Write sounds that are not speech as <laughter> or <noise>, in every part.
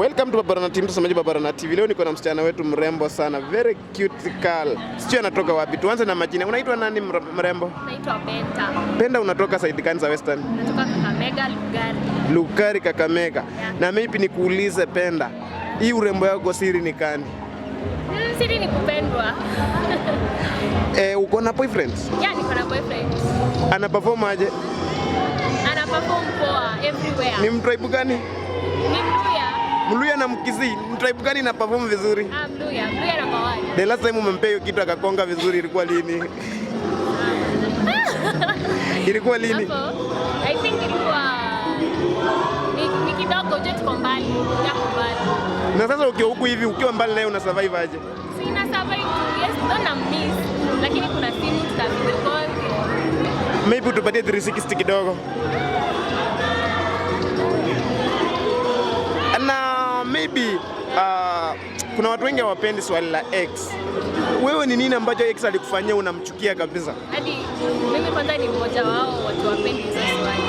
Welcome to Babarana TV, mtazamaji Babarana TV. Leo niko na msichana wetu mrembo sana, very cute girl. Sio anatoka wapi. Tuanze na majina. Unaitwa nani mrembo? Naitwa Penda. Penda, unatoka side gani za Western? Natoka Kakamega, Lugari. Lugari, Kakamega. Yeah. Na mimi nikuulize Penda, hii urembo yako siri ni kani? Mm, siri ni kupendwa. <laughs> Eh, uko na boyfriend? Yeah, niko na boyfriend. Ana perform aje? Ana perform poa everywhere. Ni mtu gani? Ni mtu Mluya na Mkizii ni tribe gani na perform vizuri? Ah, Mluya. Mluya na 1. The last time umempea hiyo kitu akakonga vizuri ilikuwa lini? Ah. <laughs> Ilikuwa lini? I think ilikuwa ni kidogo je, tuko mbali. Na sasa ukiwa huku hivi ukiwa mbali naye una survive aje? Sina survive. Yes, don't miss. Lakini kuna simu tutapiga call. Maybe tupatie 360 kidogo maybe uh, kuna watu wengi hawapendi swali la X. Wewe ni nini ambacho X alikufanyia unamchukia kabisa? Hadi mimi kwanza ni mmoja wao watu wapendi hizo swali.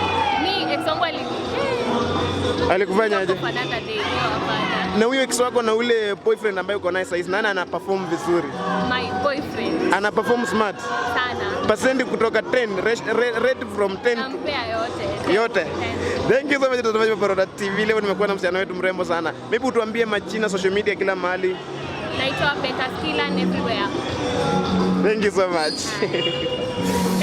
Ni X wangu alikufanyaje? Na huyo ex wako na ule boyfriend ambaye uko naye sasa hivi, nani ana perform vizuri? My boyfriend. Ana perform smart. Sana pasendi kutoka 10 rate from 10 yote yote. Thank you so much mtazamaji wa Baroda TV. Leo nimekuwa na msichana wetu mrembo sana. Maybe utuambie majina, social media, kila mahali. Naitwa Peta Skillan everywhere. Thank you so much. <laughs>